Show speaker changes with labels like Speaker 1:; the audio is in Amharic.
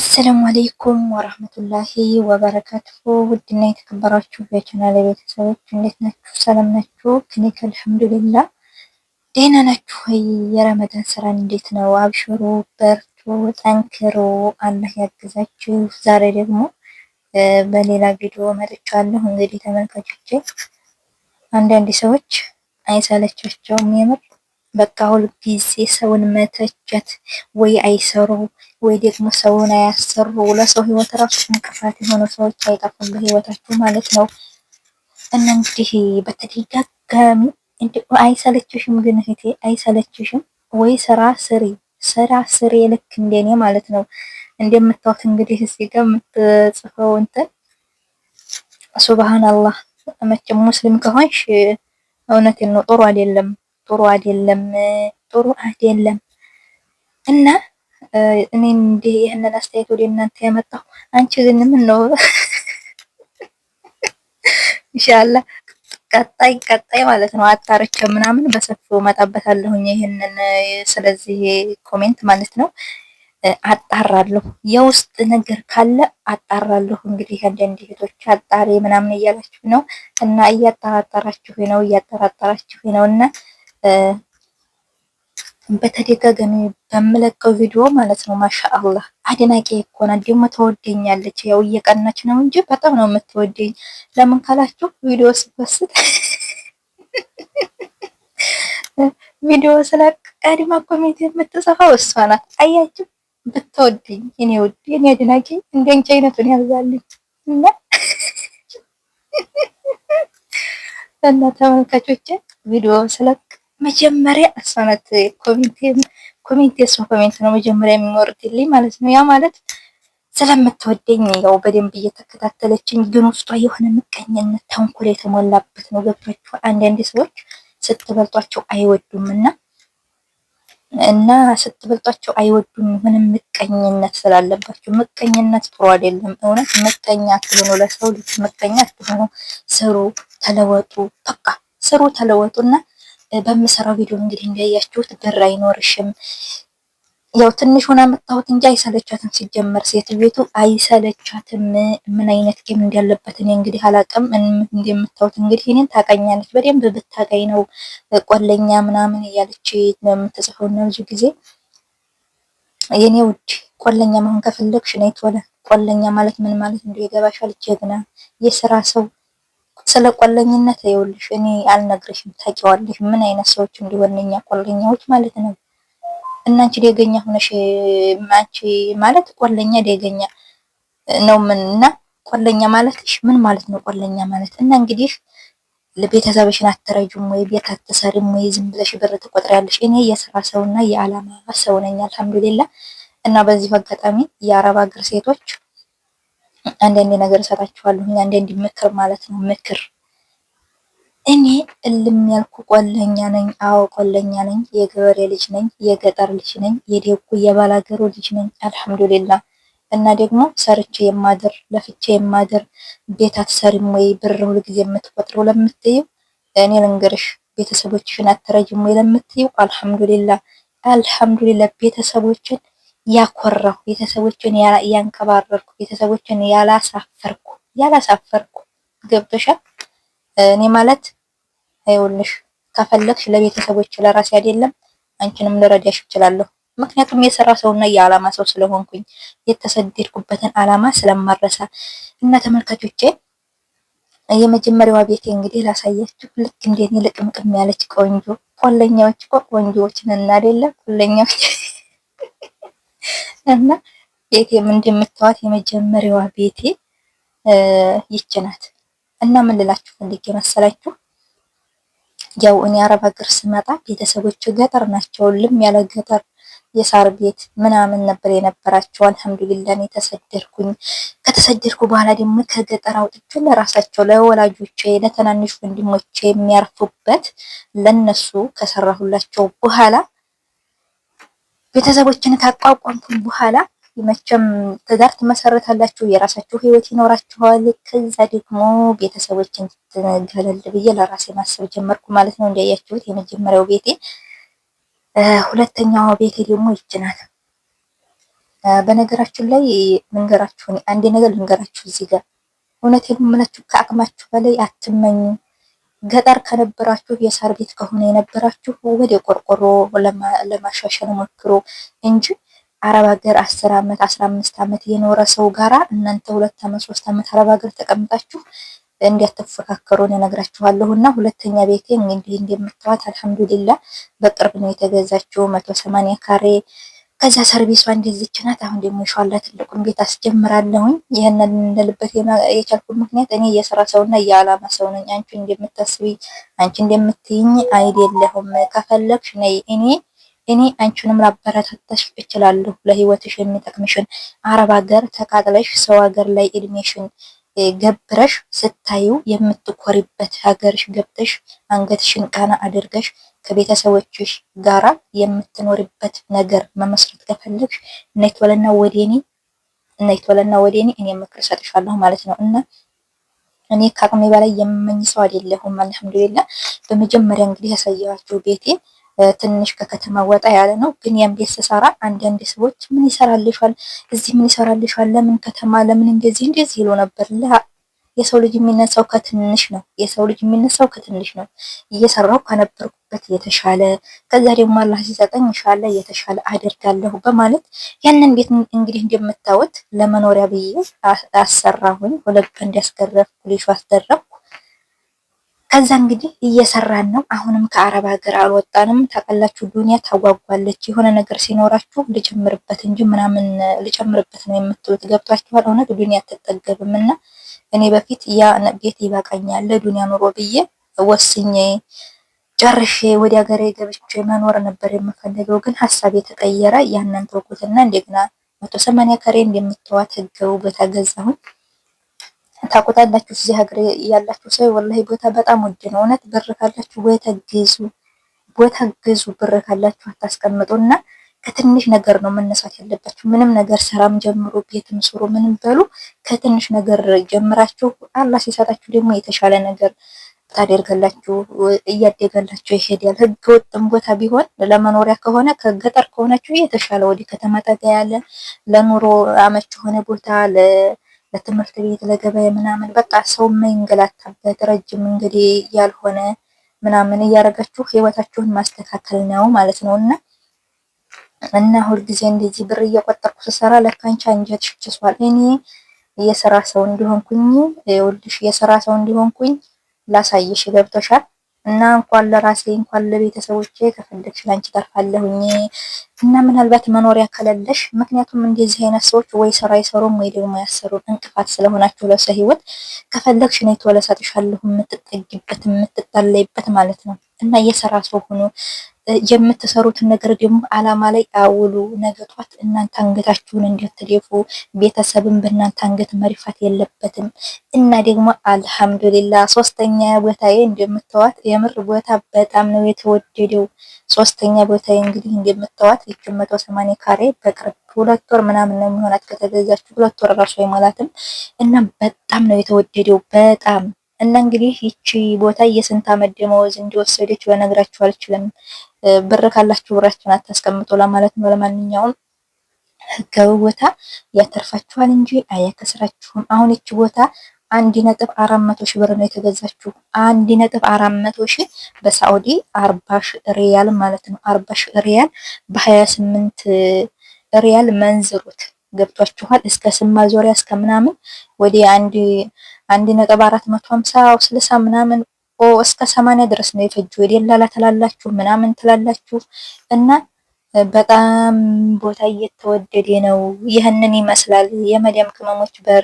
Speaker 1: አሰላሙ አሌይኩም ወረህመቱላሂ ወበረካቱ ውድና የተከበራችሁ የቻናል ቤተሰቦች እንዴት ናችሁ? ሰላም ናችሁ? ክኒክ አልሐምዱሊላ ደህና ናችሁ? የረመዳን ስራ እንዴት ነው? አብሽሩ፣ በርቱ፣ ጠንክሩ፣ አላህ ያግዛችሁ። ዛሬ ደግሞ በሌላ ቪዲዮ መጥቻለሁ። እንግዲህ ተመልካቾች አንዳንድ ሰዎች አይሰለቻቸውም የምር በቃ ሁልጊዜ ሰውን መተቸት ወይ አይሰሩ ወይ ደግሞ ሰውን አያሰሩ። ለሰው ህይወት ራሱ እንቅፋት የሆኑ ሰዎች አይጠፉም በህይወታችሁ ማለት ነው። እና እንግዲህ በተደጋጋሚ አይሰለችሽም? ግን እህቴ አይሰለችሽም ወይ? ስራ ስሪ፣ ስራ ስሪ፣ ልክ እንደኔ ማለት ነው። እንደምታዩት እንግዲህ እዚህ ጋር የምትጽፈው እንትን ሱብሃን መቼም ሙስሊም ከሆንሽ እውነቴን ነው ጥሩ አይደለም። ጥሩ አይደለም፣ ጥሩ አይደለም እና እኔ እንዲህ ይህንን አስተያየት ወደ እናንተ ያመጣው አንቺ ግን ምን ነው ኢንሻአላ ቀጣይ ቀጣይ ማለት ነው አጣርቼ ምናምን በሰፊው መጣበታለሁኝ ይህንን ስለዚህ ኮሜንት ማለት ነው አጣራለሁ። የውስጥ ነገር ካለ አጣራለሁ። እንግዲህ አንዳንድ እህቶች አጣሪ ምናምን እያላችሁ ነው እና እያጠራጠራችሁ ነው እያጠራጠራችሁ ነው እና በተደጋጋሚ በምለቀው ቪዲዮ ማለት ነው። ማሻአላህ አድናቂ ይኮና ደግሞ ተወደኛለች። ያው እየቀናች ነው እንጂ በጣም ነው የምትወደኝ። ለምን ካላችሁ ቪዲዮ ስበስት ቪዲዮ ስለቅ ቀድማ ኮሜንት የምትጽፈው እሷ ናት። አያችሁ ብትወደኝ እኔ ወድ እኔ አድናቂ እንደንቺ አይነቱን ያብዛልኝ እና እና ተመልካቾቼ ቪዲዮ ስለቅ መጀመሪያ እሷ ናት ኮሜንት የስማ ኮሜንት ነው መጀመሪያ የሚወርድልኝ ማለት ነው። ያ ማለት ስለምትወደኝ ያው በደንብ እየተከታተለችኝ፣ ግን ውስጧ የሆነ ምቀኝነት፣ ተንኮል የተሞላበት ነው። ገብቷችሁ አንዳንድ ሰዎች ስትበልጧቸው አይወዱም እና እና ስትበልጧቸው አይወዱም። ምንም ምቀኝነት ስላለባቸው ምቀኝነት ጥሩ አይደለም። እውነት ምቀኛ አትሆኑ፣ ለሰው ልጅ ምቀኛ አትሆኑ። ስሩ፣ ተለወጡ። በቃ ስሩ፣ ተለወጡና በምሰራው ቪዲዮ እንግዲህ እንዳያችሁት ብር አይኖርሽም። ያው ትንሽ ሆና መጣሁት እንጂ አይሰለቻትም። ሲጀመር ሴት ቤቱ አይሰለቻትም። ምን አይነት ጌም እንዳለበት እኔ እንግዲህ አላውቅም። እንደምታዩት እንግዲህ እኔን ታቀኛለች በደንብ ብታውቃኝ ነው ቆለኛ ምናምን እያለች የምትጽፈው ነው ብዙ ጊዜ የኔ ውድ ቆለኛ መሆን ከፈለግሽ ነይ ቶሎ። ቆለኛ ማለት ምን ማለት እንደገባሽ አልጀግና የስራ ሰው ስለ ቆለኝነት ይኸውልሽ እኔ አልነግርሽም። ታውቂዋለሽ ምን አይነት ሰዎች እንዲሆን ቆለኛዎች ማለት ነው። እናንቺ ደገኛ ሆነሽ ማቺ ማለት ቆለኛ ደገኛ ነው። ምን እና ቆለኛ ማለትሽ ምን ማለት ነው? ቆለኛ ማለት እና እንግዲህ ለቤተሰብሽን አትረጁም ወይ ቤት አትሰሪም ወይ ዝም ብለሽ ብር ትቆጥሪያለሽ። እኔ የስራ ሰውና የዓላማ ሰው ነኝ አልሐምዱሊላህ። እና በዚህ አጋጣሚ የአረብ ሀገር ሴቶች አንዳንድ ነገር እሰጣችኋለሁ፣ አንዳንድ ምክር ማለት ነው። ምክር እኔ እልም ያልኩ ቆለኛ ነኝ። አዎ ቆለኛ ነኝ። የገበሬ ልጅ ነኝ። የገጠር ልጅ ነኝ። የደጉ የባላገሩ ልጅ ነኝ። አልሐምዱሊላ እና ደግሞ ሰርቼ የማድር ለፍቼ የማድር ቤት አትሰሪም ወይ ብር ጊዜ የምትቆጥረው ለምትይው እኔ ልንገርሽ ቤተሰቦችሽን አትረጅም ወይ ለምትይው አልሐምዱሊላ አልሐምዱሊላ ቤተሰቦችን ያኮራሁ ቤተሰቦችን ያንቀባረርኩ ቤተሰቦችን ያላሳፈርኩ ያላሳፈርኩ ገብቶሻል። እኔ ማለት አይውልሽ ከፈለግሽ ለቤተሰቦች ለራሴ አይደለም አንቺንም ልረዳሽ እችላለሁ። ምክንያቱም የሰራ ሰውና የዓላማ ሰው ስለሆንኩኝ የተሰደድኩበትን ዓላማ ስለማረሳ እና ተመልካቾቼ የመጀመሪያዋ ቤቴ እንግዲህ ላሳያችሁ። ልክ እንደኔ ልቅምቅም ያለች ቆንጆ ቆለኛዎች እኮ ቆንጆዎች ነን አይደለም? ቆለኛዎች እና ቤቴም እንደምታዋት የመጀመሪያዋ ቤቴ ይች ናት። እና ምን ልላችሁ ፈልጌ መሰላችሁ ያው እኔ አረብ ሀገር ስመጣ ቤተሰቦች ገጠር ናቸው። ልም ያለ ገጠር የሳር ቤት ምናምን ነበር የነበራቸው። አልሐምዱሊላህ እኔ ተሰደድኩኝ። ከተሰደድኩ በኋላ ደግሞ ከገጠር አውጥቼ ለራሳቸው ለወላጆቼ፣ ለትናንሽ ወንድሞቼ የሚያርፉበት ለነሱ ከሰራሁላቸው በኋላ ቤተሰቦችን ካቋቋምኩኝ በኋላ መቼም ትዳር ትመሰረታላችሁ፣ የራሳችሁ ህይወት ይኖራችኋል። ከዛ ደግሞ ቤተሰቦችን ትገለል ብዬ ለራሴ ማሰብ ጀመርኩ ማለት ነው። እንዲያያችሁት የመጀመሪያው ቤቴ፣ ሁለተኛው ቤቴ ደግሞ ይች ናት። በነገራችን ላይ ልንገራችሁ፣ አንድ ነገር ልንገራችሁ እዚህ ጋር እውነት የምላችሁ ከአቅማችሁ በላይ አትመኙ። ገጠር ከነበራችሁ የሳር ቤት ከሆነ የነበራችሁ ወደ ቆርቆሮ ለማሻሻል ሞክሮ እንጂ አረብ ሀገር አስር ዓመት አስራ አምስት ዓመት የኖረ ሰው ጋራ እናንተ ሁለት አመት ሶስት ዓመት አረብ ሀገር ተቀምጣችሁ እንዲያተፈካከሩ እነግራችኋለሁ። እና ሁለተኛ ቤቴ እንግዲህ እንደምታዋት አልሐምዱሊላ በቅርብ ነው የተገዛችው መቶ ሰማንያ ካሬ ከዛ ሰርቪስ ባንድ ናት። አሁን ደግሞ ይሻላ ትልቁን ቤት አስጀምራለሁኝ። ይህንን እንልበት የቻልኩ ምክንያት እኔ የስራ ሰውና የዓላማ ሰው ነኝ። አንቺ እንደምታስቢ አንቺ እንደምትይኝ አይደለሁም። ከፈለግሽ ነይ እኔ እኔ አንቺንም ላበረታታሽ እችላለሁ። ለህይወትሽ የሚጠቅምሽን አረብ ሀገር ተቃጥለሽ ሰው ሀገር ላይ እድሜሽን ገብረሽ ስታዩ የምትኮሪበት ሀገርሽ ገብተሽ አንገትሽን ቀና አድርገሽ ከቤተሰቦችሽ ጋራ የምትኖርበት ነገር መመስረት ከፈለግሽ ነይ ቶለና ወዴኔ ነይ ቶለና ወዴኔ እኔ ምክር እሰጥሻለሁ ማለት ነው። እና እኔ ከአቅሜ በላይ የምመኝ ሰው አይደለሁም። አልሐምዱሊላ። በመጀመሪያ እንግዲህ ያሳየኋችሁ ቤቴ ትንሽ ከከተማ ወጣ ያለ ነው። ግን ያም ቤት ስሰራ አንዳንድ ሰዎች ምን ይሰራልሻል፣ እዚህ ምን ይሰራልሻል፣ ለምን ከተማ፣ ለምን እንደዚህ እንደዚህ ይሉ ነበር። የሰው ልጅ የሚነሳው ከትንሽ ነው። የሰው ልጅ የሚነሳው ከትንሽ ነው። እየሰራው ከነበርኩበት የተሻለ ከዛ ደግሞ አላህ ሲሰጠኝ ሻለ የተሻለ አደርጋለሁ በማለት ያንን ቤት እንግዲህ እንደምታዩት ለመኖሪያ ብዬ አሰራሁኝ። ሁለት ቀን ያስገረፍኩ ልጅ አስደረኩ። ከዛ እንግዲህ እየሰራን ነው። አሁንም ከአረብ ሀገር አልወጣንም። ታውቃላችሁ፣ ዱንያ ታጓጓለች። የሆነ ነገር ሲኖራችሁ ልጨምርበት እንጂ ምናምን ልጨምርበት ነው የምትሉት። ገብቷችኋል? እውነት ዱንያ አትጠገብም እና እኔ በፊት ያ ቤት ይበቃኛል ለዱንያ ኑሮ ብዬ ወስኜ ጨርሼ ወደ ሀገሬ ገብቼ መኖር ነበር የምፈልገው። ግን ሀሳብ የተቀየረ ያንን ተውኩትና እንደገና መቶ ሰማንያ ከሬ እንደምትዋት ህገው ቦታ ገዛሁኝ። ታውቁታላችሁ፣ እዚህ ሀገር ያላችሁ ሰው ወላሂ ቦታ በጣም ውድ ነው። እውነት ብር ካላችሁ ቦታ ግዙ፣ ቦታ ግዙ። ብር ካላችሁ አታስቀምጡና ከትንሽ ነገር ነው መነሳት ያለባችሁ። ምንም ነገር ስራም ጀምሩ፣ ቤትም ስሩ፣ ምንም በሉ ከትንሽ ነገር ጀምራችሁ አላህ ሲሰጣችሁ ደግሞ የተሻለ ነገር ታደርገላችሁ እያደገላችሁ ይሄዳል። ህገ ወጥም ቦታ ቢሆን ለመኖሪያ ከሆነ ከገጠር ከሆናችሁ የተሻለ ወደ ከተማ ጠጋ ያለ ለኑሮ አመች የሆነ ቦታ ለትምህርት ቤት፣ ለገበያ ምናምን በቃ ሰው የማይንገላታበት ረጅም እንግዲህ ያልሆነ ምናምን እያደረጋችሁ ህይወታችሁን ማስተካከል ነው ማለት ነው እና እና ሁልጊዜ እንደዚህ ብር እየቆጠርኩ ስሰራ ለካ እንጀት አንጀትሽ እኔ የስራ ሰው እንዲሆንኩኝ ይኸውልሽ፣ የስራ ሰው እንዲሆንኩኝ ላሳየሽ። ገብቶሻል? እና እንኳን ለራሴ እንኳን ለቤተሰቦቼ ከፈለግሽ ላንቺ ተርፋለሁኝ። እና ምናልባት መኖሪያ ከሌለሽ፣ ምክንያቱም እንደዚህ አይነት ሰዎች ወይ ስራ አይሰሩም ወይ ደግሞ ያሰሩን እንቅፋት ስለሆናችሁ ለሰው ህይወት ከፈለግሽ ነው የተወለሳጥሻለሁ የምትጠጊበት የምትጠለይበት ማለት ነው። እና የስራ ሰው ሆኖ የምትሰሩትን ነገር ደግሞ አላማ ላይ አውሉ። ነገ ጧት እናንተ አንገታችሁን እንድትደፉ ቤተሰብን በእናንተ አንገት መሪፋት የለበትም እና ደግሞ አልሐምዱሊላ ሶስተኛ ቦታዬ እንደምታዋት የምር ቦታ በጣም ነው የተወደደው። ሶስተኛ ቦታዬ እንግዲህ እንደምታዋት ይች መቶ ሰማንያ ካሬ በቅርብ ሁለት ወር ምናምን ነው የሚሆናት ከተገዛችሁ ሁለት ወር ራሱ አይሞላትም እና በጣም ነው የተወደደው በጣም እና እንግዲህ ይቺ ቦታ የስንት ዓመት ደመወዝ እንደወሰደች ለነግራችሁ አልችልም። ብር ካላችሁ ብራችሁን አታስቀምጡ ለማለት ነው። ለማንኛውም ህጋዊ ቦታ ያተርፋችኋል እንጂ አያከስራችሁም። አሁን ይቺ ቦታ አንድ ነጥብ አራት መቶ ሺህ ብር ነው የተገዛችሁ። አንድ ነጥብ አራት መቶ ሺህ በሳዑዲ አርባ ሺህ ሪያል ማለት ነው። አርባ ሺህ ሪያል በሀያ ስምንት ሪያል መንዝሩት። ገብቷችኋል። እስከ ስማ ዙሪያ እስከ ምናምን ወደ አንድ አንድ ነጥብ አራት መቶ ሀምሳ ስልሳ ምናምን እስከ ሰማንያ ድረስ ነው የፈጁ የደላላ ትላላችሁ ምናምን ትላላችሁ እና በጣም ቦታ እየተወደደ ነው። ይህንን ይመስላል የመዲያም ቅመሞች በር